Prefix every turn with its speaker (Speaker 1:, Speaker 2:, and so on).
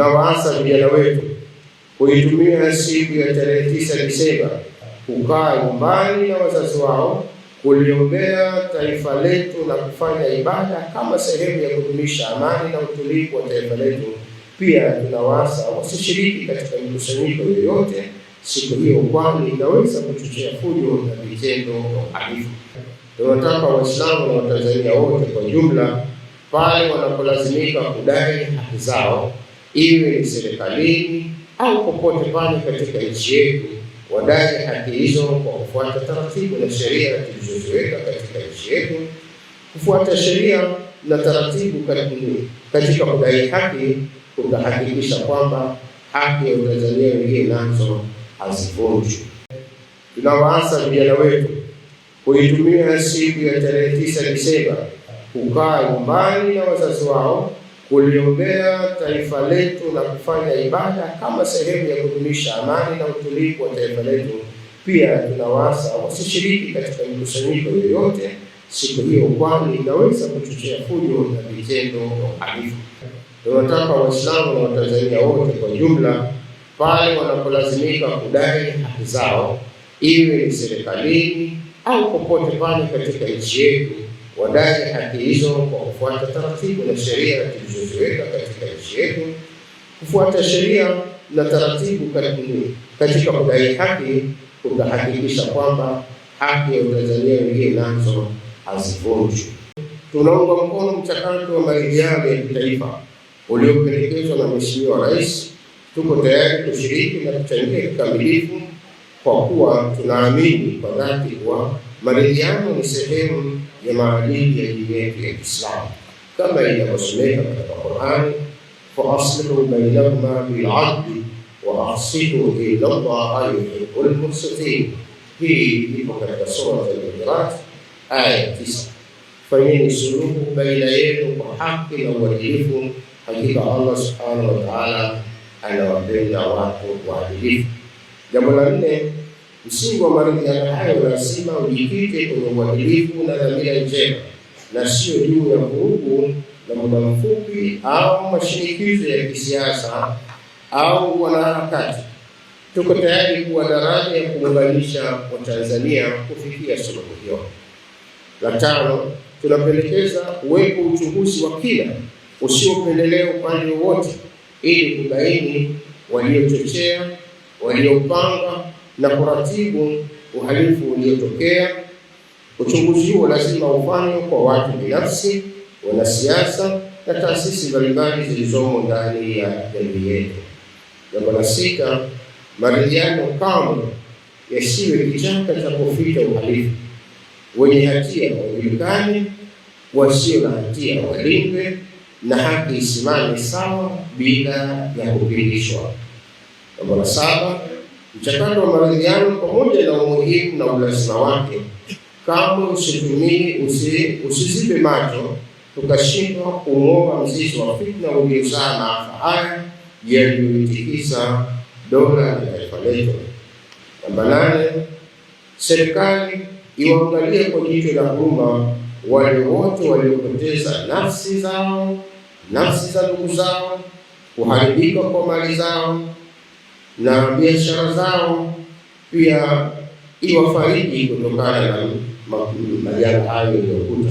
Speaker 1: nawaasa vijana wetu kuitumia siku ya tarehe tisa Disemba kukaa nyumbani na wazazi wao kuliombea taifa letu na kufanya ibada kama sehemu ya kudumisha amani na utulivu wa taifa letu. Pia tunawaasa wasishiriki katika mikusanyiko yoyote siku hiyo, kwani inaweza kuchochea fujo na vitendo vya uhalifu. Tunataka Waislamu na Watanzania wote kwa jumla, pale wanapolazimika kudai haki zao iwe serikalini au popote pale katika nchi yetu, wadai haki hizo kwa kufuata taratibu na sheria zilizoziweka katika nchi yetu, kufuata sheria na taratibu katika kudai haki kutahakikisha kwamba haki ya Tanzania wengine nazo hazivunjwi. Tunawaasa vijana wetu kuitumia siku ya tarehe tisa Desemba kukaa nyumbani na wazazi wao kuliombea taifa letu na kufanya ibada kama sehemu ya kudumisha amani na utulivu wa taifa letu. Pia tunawaasa wasishiriki katika mikusanyiko yoyote siku hiyo, kwani inaweza kuchochea fujo na vitendo uhalifu Tunataka Waislamu na Watanzania wote kwa jumla, pale wanapolazimika kudai haki zao, iwe ni serikalini au popote pale katika nchi yetu wadai haki hizo kwa kufuata taratibu na sheria tulizoziweka katika nchi yetu. Kufuata sheria na taratibu katika kudai haki kutahakikisha kwamba haki ya Tanzania wengine nazo hazivunjwi. Tunaunga mkono mchakato wa maridhiano ya kitaifa uliopendekezwa na Mheshimiwa Rais. Tuko tayari kushiriki na kuchangia kikamilifu kwa kuwa tunaamini kwa dhati kuwa maridhiano ni sehemu ya maadili ya dini yetu ya Kiislamu kama inavyosomeka katika Qurani, faaslihu bainahuma bilcadli wa ahsinu ina llaha yuhibu lmuqsitin. Hii ipo katika sura Al-Hujurat aya tisa. Fanyeni suluhu baina yenu kwa haki na uadilifu, hakika Allah subhanahu wa taala anawapenda watu waadilifu. Jambo la nne, msingi wa maridhiano hayo lazima ujikite kwenye uadilifu na dhamira njema na sio juu ya vurugu na muda mfupi au mashinikizo ya kisiasa au wanaharakati. Tuko tayari kuwa daraja ya kuunganisha Watanzania kufikia suluhu hiyo. La tano, tunapendekeza uwepo uchunguzi wa kina usiopendelea upande wowote ili kubaini waliochochea waliopanga na kuratibu uhalifu uliotokea. Uchunguzi huo lazima ufanywe kwa watu binafsi, wanasiasa na taasisi mbalimbali zilizomo ndani ya jamii yetu. Jambo la sita, maridhiano kamwe yasiwe kichaka cha kuficha uhalifu. Wenye hatia wajulikane, wasio na hatia walindwe, na haki isimame sawa bila ya kupindishwa. Namba saba, mchakato wa maridhiano pamoja na umuhimu na ulazima wake, kamwe usitumii usizipe macho tukashindwa kuung'oa mzizi wa fitna uliozaa maafa haya yaliyoitikisa dola ya taifa letu. Namba nane, serikali iwaangalie kwa jicho la huruma wale wote waliopoteza nafsi zao, nafsi za ndugu zao, kuharibika kwa mali zao na biashara zao pia iwafariji kutokana na majanga hayo yaliyokuta.